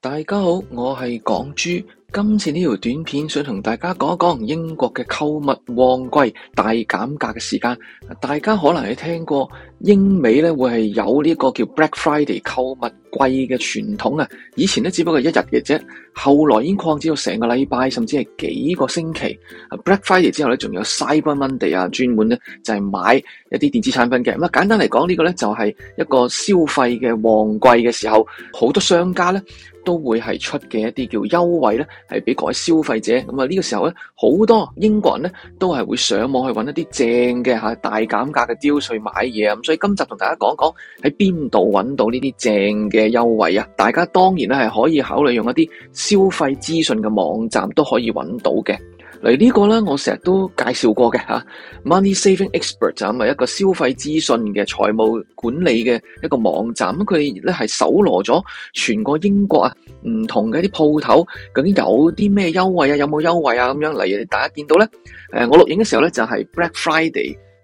大家好，我係港豬。今次呢條短片想同大家講一講英國嘅購物旺季大減價嘅時間，大家可能係聽過。英美咧會係有呢個叫 Black Friday 購物季嘅傳統啊！以前咧只不過一日嘅啫，後來已經擴展到成個禮拜，甚至係幾個星期。Black Friday 之後咧，仲有 Cyber Monday 啊，專門咧就係買一啲電子產品嘅。咁啊，簡單嚟講，呢個咧就係一個消費嘅旺季嘅時候，好多商家咧都會係出嘅一啲叫優惠咧，係俾各位消費者。咁啊，呢個時候咧，好多英國人咧都係會上網去揾一啲正嘅大減價嘅 deals 去買嘢啊！所以今集同大家講講喺邊度揾到呢啲正嘅優惠啊！大家當然咧係可以考慮用一啲消費資訊嘅網站都可以揾到嘅。嚟呢個呢，我成日都介紹過嘅吓，Money Saving Expert 就係一個消費資訊嘅財務管理嘅一個網站。佢咧係搜羅咗全個英國啊，唔同嘅啲鋪頭，究竟有啲咩優惠啊？有冇優惠啊？咁樣嚟，大家見到呢，誒，我錄影嘅時候呢，就係 Black Friday。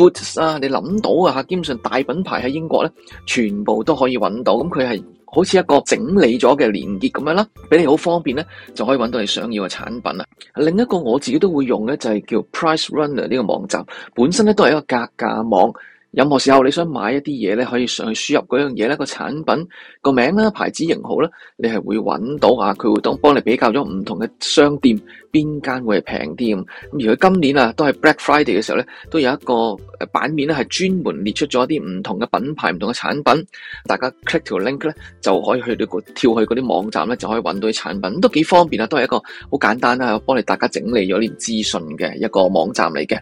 啊，Boots，你諗到啊，基本上大品牌喺英國咧，全部都可以揾到。咁佢係好似一個整理咗嘅連結咁樣啦，俾你好方便咧，就可以揾到你想要嘅產品啊。另一個我自己都會用咧，就係叫 PriceRunner 呢個網站，本身咧都係一個格價網。任何時候你想買一啲嘢咧，可以上去輸入嗰樣嘢咧，個產品個名啦、牌子型號呢，你係會揾到啊，佢會幫你比較咗唔同嘅商店邊間會係平啲咁。咁而佢今年啊，都係 Black Friday 嘅時候咧，都有一個誒版面咧，係專門列出咗一啲唔同嘅品牌、唔同嘅產品，大家 click 條 link 咧，就可以去到跳去嗰啲網站咧，就可以揾到啲產品，都幾方便啊！都係一個好簡單啊，幫你大家整理咗啲資訊嘅一個網站嚟嘅。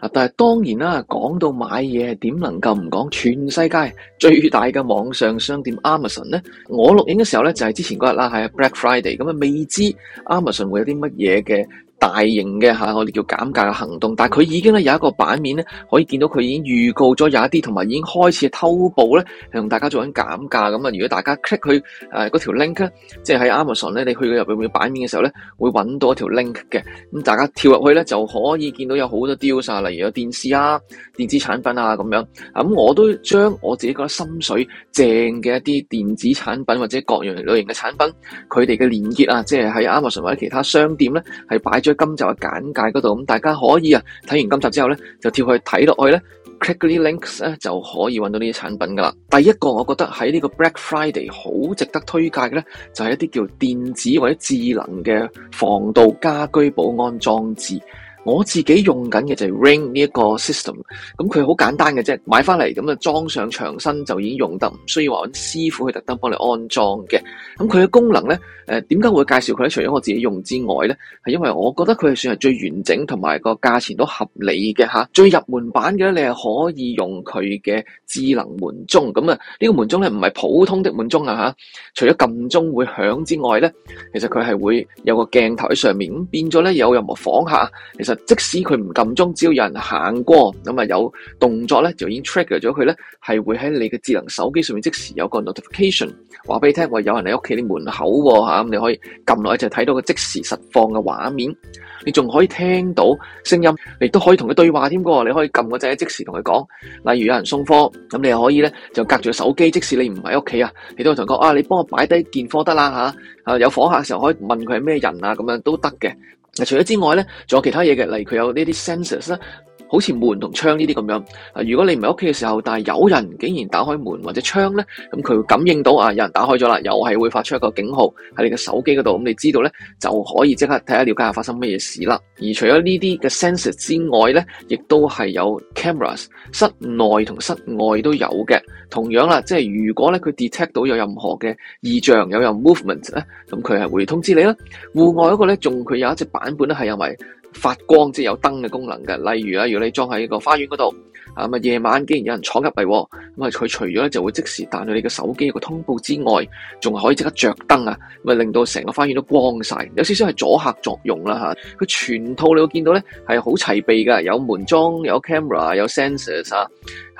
啊！但係當然啦，講到買嘢點能夠唔講全世界最大嘅網上商店 Amazon 咧？我錄影嘅時候咧就係之前嗰日啦，係 Black Friday 咁啊，未知 Amazon 會有啲乜嘢嘅。大型嘅吓我哋叫減價嘅行動，但係佢已經咧有一個版面咧，可以見到佢已經預告咗有一啲同埋已經開始偷步咧，係同大家做緊減價咁啊！如果大家 click 佢誒嗰條 link 咧，即係喺 Amazon 咧，你去入邊嘅版面嘅時候咧，會揾到一條 link 嘅，咁大家跳入去咧就可以見到有好多 deal 曬，例如有電視啊、電子產品啊咁樣咁我都將我自己覺得心水正嘅一啲電子產品或者各樣類型嘅產品，佢哋嘅連結啊，即係喺 Amazon 或者其他商店咧，係擺咗。今集嘅簡介嗰度，咁大家可以啊睇完今集之後咧，就跳去睇落去咧，click links 咧就可以揾到呢啲產品噶啦。第一個我覺得喺呢個 Black Friday 好值得推介嘅咧，就係一啲叫電子或者智能嘅防盜家居保安裝置。我自己用緊嘅就係 Ring 呢一個 system，咁佢好簡單嘅啫，買翻嚟咁啊裝上牆身就已經用得，唔需要話揾師傅去特登幫你安裝嘅。咁佢嘅功能咧，誒點解會介紹佢咧？除咗我自己用之外咧，係因為我覺得佢係算係最完整同埋個價錢都合理嘅吓，啊，最入門版嘅咧，你係可以用佢嘅智能門鐘。咁啊，呢、呢個門鐘咧，唔係普通的門鐘啊吓，除咗撳鐘會響之外咧，其實佢係會有個鏡頭喺上面，咁變咗咧有任何訪客，即使佢唔撳鐘，只要有人行過咁啊有動作咧，就已經 trigger 咗佢咧，係會喺你嘅智能手機上面即時有個 notification，話俾你聽喂，有人喺屋企你門口喎吓，咁、啊、你可以撳落去就睇、是、到個即時實況嘅畫面，你仲可以聽到聲音，你都可以同佢對話添噶、啊，你可以撳個掣即時同佢講，例如有人送貨，咁你可以咧就隔住手機，即使你唔喺屋企啊，你都可以同佢啊你幫我擺低件貨得啦吓，啊有訪客嘅時候可以問佢係咩人啊，咁樣都得嘅。嗱，除咗之外咧，仲有其他嘢嘅，例如佢有呢啲 sensors 啦。好似門同窗呢啲咁樣，啊，如果你唔喺屋企嘅時候，但係有人竟然打開門或者窗咧，咁佢會感應到啊，有人打開咗啦，又係會發出一個警號喺你嘅手機嗰度，咁你知道咧，就可以即刻睇下了解下發生咩事啦。而除咗呢啲嘅 sensor 之外咧，亦都係有 cameras，室內同室外都有嘅。同樣啦，即係如果咧佢 detect 到有任何嘅異象、有任何 movement 咧，咁佢係會通知你啦。戶外嗰個咧，仲佢有一隻版本咧，係因為。發光即係有燈嘅功能嘅，例如啊，如果你裝喺一個花園嗰度，啊咁啊夜晚竟然有人闖入嚟，咁啊佢除咗咧就會即時彈到你嘅手機一個通報之外，仲可以即刻着燈啊，咪令到成個花園都光晒，有少少係阻吓作用啦吓。佢全套你會見到咧係好齊備噶，有門裝，有 camera，有 sensors 啊。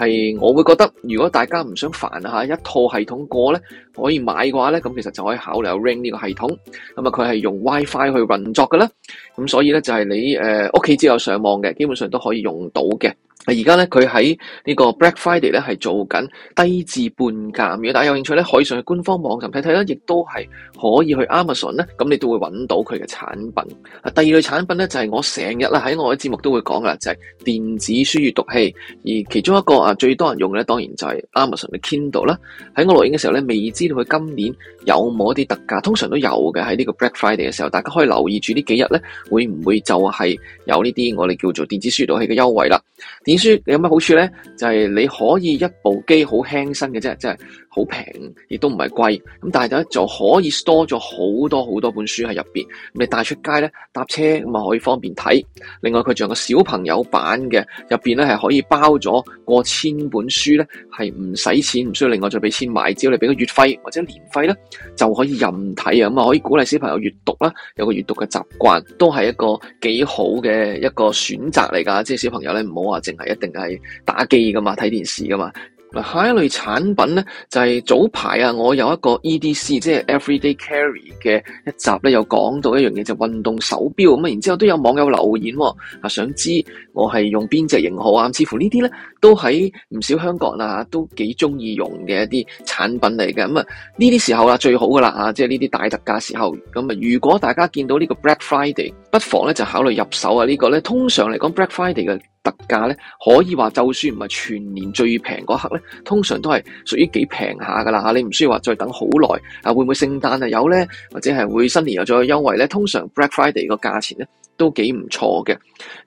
係，我會覺得如果大家唔想煩下一套系統過咧，可以買嘅話咧，咁其實就可以考慮 Ring 呢個系統。咁啊，佢係用 WiFi 去運作嘅啦。咁所以咧就係、是、你誒屋企只有上網嘅，基本上都可以用到嘅。而家咧佢喺呢個 Black Friday 咧係做緊低至半價。如果大家有興趣咧，可以上去官方網站睇睇啦，亦都係可以去 Amazon 咧，咁你都會揾到佢嘅產品。第二類產品咧就係、是、我成日啦喺我嘅節目都會講㗎，就係、是、電子書閱讀器，而其中一個最多人用嘅咧，當然就係 Amazon 嘅 Kindle 啦。喺我錄影嘅時候咧，未知道佢今年有冇一啲特價，通常都有嘅，喺呢個 Black Friday 嘅時候，大家可以留意住呢幾日咧，會唔會就係有呢啲我哋叫做電子書閱讀器嘅優惠啦？電子書你有乜好處咧？就係你可以一部機好輕身嘅啫，即係好平，亦都唔係貴，咁但係咧就可以 store 咗好多好多本書喺入邊，你帶出街咧搭車咁啊可以方便睇。另外佢仲有個小朋友版嘅，入邊咧係可以包咗過千本書咧，係唔使錢，唔需要另外再俾錢買，只要你俾個月費或者年費咧就可以任睇啊，咁啊可以鼓勵小朋友閱讀啦，有個閱讀嘅習慣都係一個幾好嘅一個選擇嚟噶。即係小朋友咧唔好話淨係一定係打機噶嘛，睇電視噶嘛。嗱，下一類產品咧，就係、是、早排啊，我有一個 E D C，即係 Everyday Carry 嘅一集咧，有講到一樣嘢就是、運動手錶，咁啊，然之後都有網友留言、哦，啊，想知我係用邊隻型號啊？似乎呢啲咧都喺唔少香港啊，都幾中意用嘅一啲產品嚟嘅，咁、嗯、啊，呢啲時候啦最好噶啦啊。即係呢啲大特價時候，咁、嗯、啊，如果大家見到呢個 Black Friday，不妨咧就考慮入手啊、這個、呢個咧，通常嚟講 Black Friday 嘅。特價咧，可以話就算唔係全年最平嗰刻咧，通常都係屬於幾平下噶啦嚇，你唔需要話再等好耐。啊，會唔會聖誕啊有咧？或者係會新年有再優惠咧？通常 Black Friday 個價錢咧都幾唔錯嘅。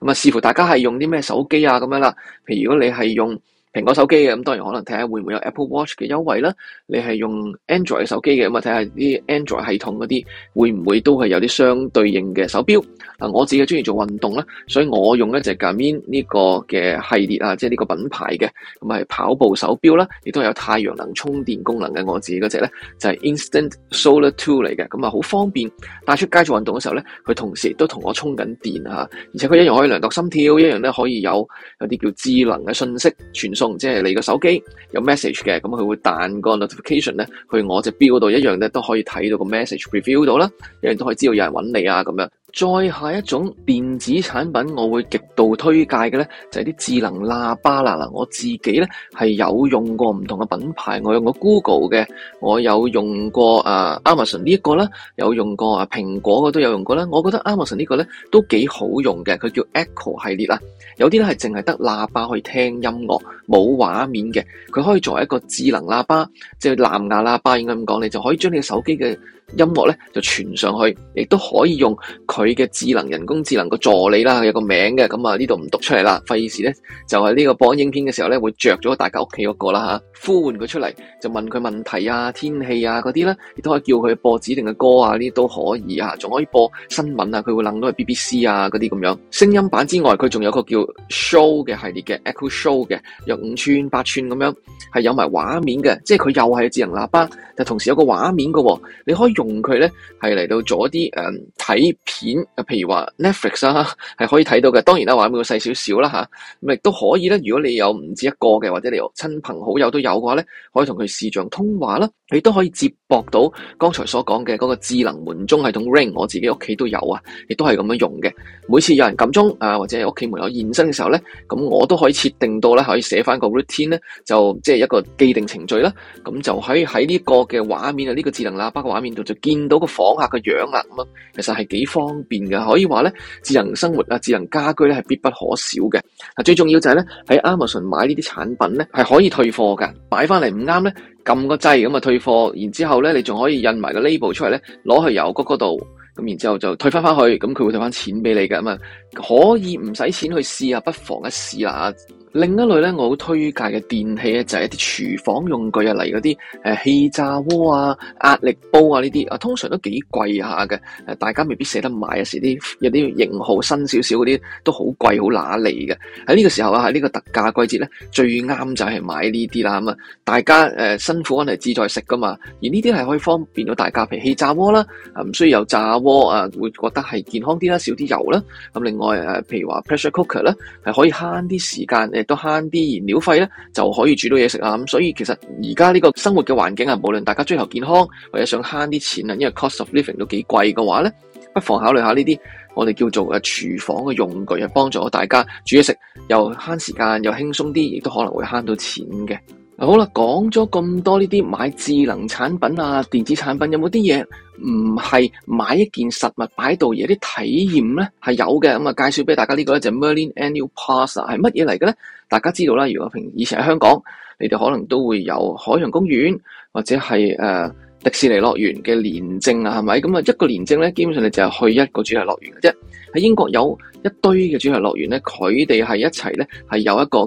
咁啊，視乎大家係用啲咩手機啊咁樣啦。譬如如果你係用，蘋果手機嘅咁，當然可能睇下會唔會有 Apple Watch 嘅優惠啦。你係用 Android 手機嘅咁啊，睇下啲 Android 系統嗰啲會唔會都係有啲相對應嘅手錶。嗱，我自己中意做運動啦，所以我用一隻 Garmin 呢個嘅系列啊，即係呢個品牌嘅，咁係跑步手錶啦，亦都係有太陽能充電功能嘅。我自己嗰隻咧就係、是、Instant Solar Two 嚟嘅，咁啊好方便帶出街做運動嘅時候咧，佢同時都同我充緊電啊，而且佢一樣可以量度心跳，一樣咧可以有有啲叫智能嘅訊息傳送。即係你個手機有 message 嘅，咁佢會彈個 notification 咧，去我隻錶度一樣咧都可以睇到個 message preview 到啦，一樣都可以知道有人揾你啊咁樣。再下一種電子產品，我會極度推介嘅呢就係啲智能喇叭啦。嗱，我自己呢係有用過唔同嘅品牌，我用過 Google 嘅，我有用過啊 Amazon 呢一個啦，有用過啊蘋果嘅都有用過啦。我覺得 Amazon 呢個呢都幾好用嘅，佢叫 Echo 系列啦。有啲呢係淨係得喇叭可以聽音樂，冇畫面嘅，佢可以作為一個智能喇叭，即係藍牙喇叭應該咁講，你就可以將你嘅手機嘅。音樂咧就傳上去，亦都可以用佢嘅智能人工智能個助理啦，佢有個名嘅，咁啊呢度唔讀出嚟啦，費事咧就係、是、呢個播影片嘅時候咧會着咗大家屋企嗰個啦嚇，呼喚佢出嚟就問佢問題啊、天氣啊嗰啲啦，亦都可以叫佢播指定嘅歌啊，呢啲都可以啊，仲可以播新聞啊，佢會諗到係 BBC 啊嗰啲咁樣。聲音版之外，佢仲有個叫 Show 嘅系列嘅 Echo Show 嘅，有五寸、八寸咁樣，係有埋畫面嘅，即係佢又係智能喇叭，但同時有個畫面嘅喎，你可以用。同佢咧係嚟到做一啲誒睇片，啊，譬如話 Netflix 啦、啊，係可以睇到嘅。當然啦，畫面會細少少啦吓，咁亦都可以咧。如果你有唔止一個嘅，或者你有親朋好友都有嘅話咧，可以同佢視像通話啦。你都可以接駁到剛才所講嘅嗰個智能門鐘系統 Ring，我自己屋企都有啊，亦都係咁樣用嘅。每次有人撳鐘啊，或者屋企門口現身嘅時候咧，咁我都可以設定到咧，可以寫翻個 routine 咧，就即係一個既定程序啦。咁就可以喺呢個嘅畫面啊，呢個智能喇叭嘅畫面度就見到個訪客嘅樣啦。咁啊，其實係幾方便嘅，可以話咧，智能生活啊，智能家居咧係必不可少嘅。啊，最重要就係咧喺 Amazon 買呢啲產品咧係可以退貨嘅，擺翻嚟唔啱咧。撳個掣咁啊，退貨，然之後咧，你仲可以印埋個 label 出嚟咧，攞去郵局嗰度，咁然之後就退翻翻去，咁佢會退翻錢俾你嘅，咁啊可以唔使錢去試下，不妨一試啦。另一類咧，我好推介嘅電器咧，就係、是、一啲廚房用具啊，例如嗰啲誒氣炸鍋啊、壓力煲啊呢啲啊，通常都幾貴下嘅、啊。大家未必捨得買啊，時啲有啲型號新少少嗰啲都好貴，好揦脷嘅。喺呢個時候啊，喺、這、呢個特價季節咧，最啱就係買呢啲啦。咁啊，大家誒、啊、辛苦搵嚟志在食噶嘛，而呢啲係可以方便到大家，譬如氣炸鍋啦，唔需要油炸鍋啊，會覺得係健康啲啦，少啲油啦。咁、啊、另外誒，譬、啊、如話 pressure cooker 啦，係可以慳啲時間都慳啲燃料費咧，就可以煮到嘢食啦。咁所以其實而家呢個生活嘅環境啊，無論大家追求健康或者想慳啲錢啊，因為 cost of living 都幾貴嘅話咧，不妨考慮下呢啲我哋叫做嘅廚房嘅用具，幫助大家煮嘢食，又慳時間又輕鬆啲，亦都可能會慳到錢嘅。好啦，講咗咁多呢啲買智能產品啊、電子產品，有冇啲嘢唔係買一件實物擺度嘢啲體驗咧？係有嘅。咁啊，介紹俾大家呢、呢個就 Merlin Annual Pass 係乜嘢嚟嘅咧？大家知道啦，如果平以前喺香港，你哋可能都會有海洋公園或者係誒、呃、迪士尼樂園嘅年證啊，係咪？咁啊一個年證咧，基本上你就係去一個主題樂園嘅啫。喺英國有，一堆嘅主題樂園咧，佢哋係一齊咧，係有一個叫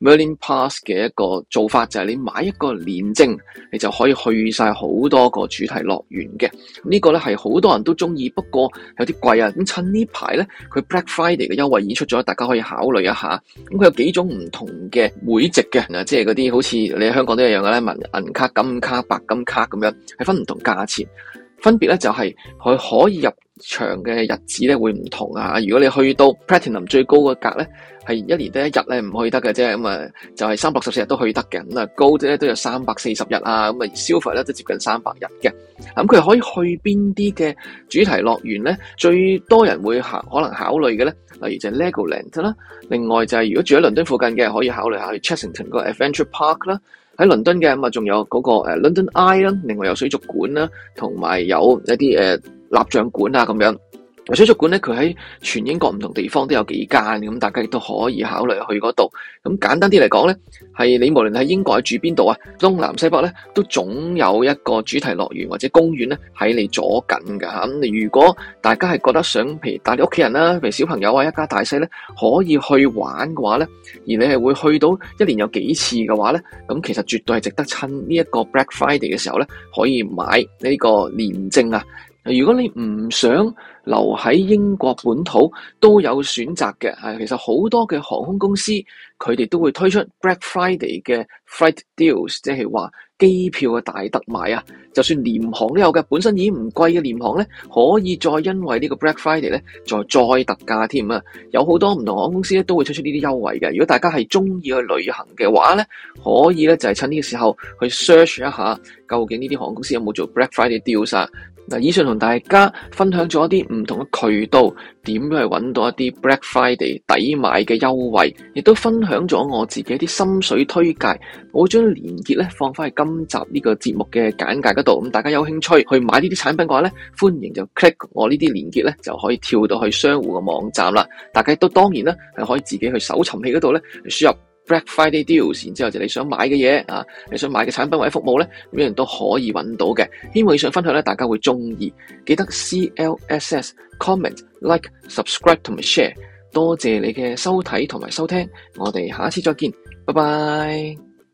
Merlin Pass 嘅一個做法，就係、是、你買一個年證，你就可以去晒好多個主題樂園嘅。呢、這個咧係好多人都中意，不過有啲貴啊。咁趁呢排咧，佢 Black Friday 嘅優惠已出咗，大家可以考慮一下。咁佢有幾種唔同嘅會籍嘅，嗱，即係嗰啲好似你喺香港都一樣嘅咧，銀銀卡、金卡、白金卡咁樣，係分唔同價錢。分別咧就係佢可以入場嘅日子咧會唔同啊！如果你去到 Platinum 最高嘅格咧，係一年得一日咧唔去得嘅啫。咁啊，就係三百十四日都去得嘅。咁啊 Gold 咧都有三百四十日啊。咁啊，Silver 咧都接近三百日嘅。咁佢可以去邊啲嘅主題樂園咧？最多人會考可能考慮嘅咧，例如就係 Legoland 啦。另外就係如果住喺倫敦附近嘅，可以考慮下去 Chessington 個 Adventure Park 啦。喺倫敦嘅還仲有嗰個誒 London Eye 啦，另外有水族館啦，同埋有一啲誒蠟像館啊咁樣。水族館咧，佢喺全英國唔同地方都有幾間，咁大家亦都可以考慮去嗰度。咁簡單啲嚟講咧，係你無論喺英國住邊度啊，東南西北咧,都總有一個主題樂園或者公園咧喺你左近噶吓。咁如果大家係覺得想，譬如帶你屋企人啦，譬如小朋友啊，一家大細咧，可以去玩嘅話咧，而你係會去到一年有幾次嘅話咧，咁其實絕對係值得趁呢一個 Black Friday 嘅時候咧，可以買呢個年證啊。如果你唔想留喺英國本土，都有選擇嘅。其實好多嘅航空公司佢哋都會推出 Black Friday 嘅 flight deals，即係話機票嘅大特賣啊！就算廉航都有嘅，本身已經唔貴嘅廉航咧，可以再因為呢個 Black Friday 咧，再再特價添啊！有好多唔同航空公司咧都會推出呢啲優惠嘅。如果大家係中意去旅行嘅話咧，可以咧就係趁呢個時候去 search 一下，究竟呢啲航空公司有冇做 Black Friday deals 啊？嗱，以上同大家分享咗一啲唔同嘅渠道，點樣去揾到一啲 Black Friday 抵買嘅優惠，亦都分享咗我自己啲心水推介。我將連結咧放翻喺今集呢個節目嘅簡介嗰度，咁大家有興趣去買呢啲產品嘅話咧，歡迎就 click 我呢啲連結咧就可以跳到去商戶嘅網站啦。大家都當然啦，係可以自己去搜尋器嗰度咧輸入。Black Friday deals，然之後就你想買嘅嘢啊，你想買嘅產品或者服務咧，每人都可以揾到嘅。希望以上分享咧，大家會中意。記得 CLSS comment, like, subscribe 同埋 share。多謝你嘅收睇同埋收聽，我哋下一次再見，拜拜。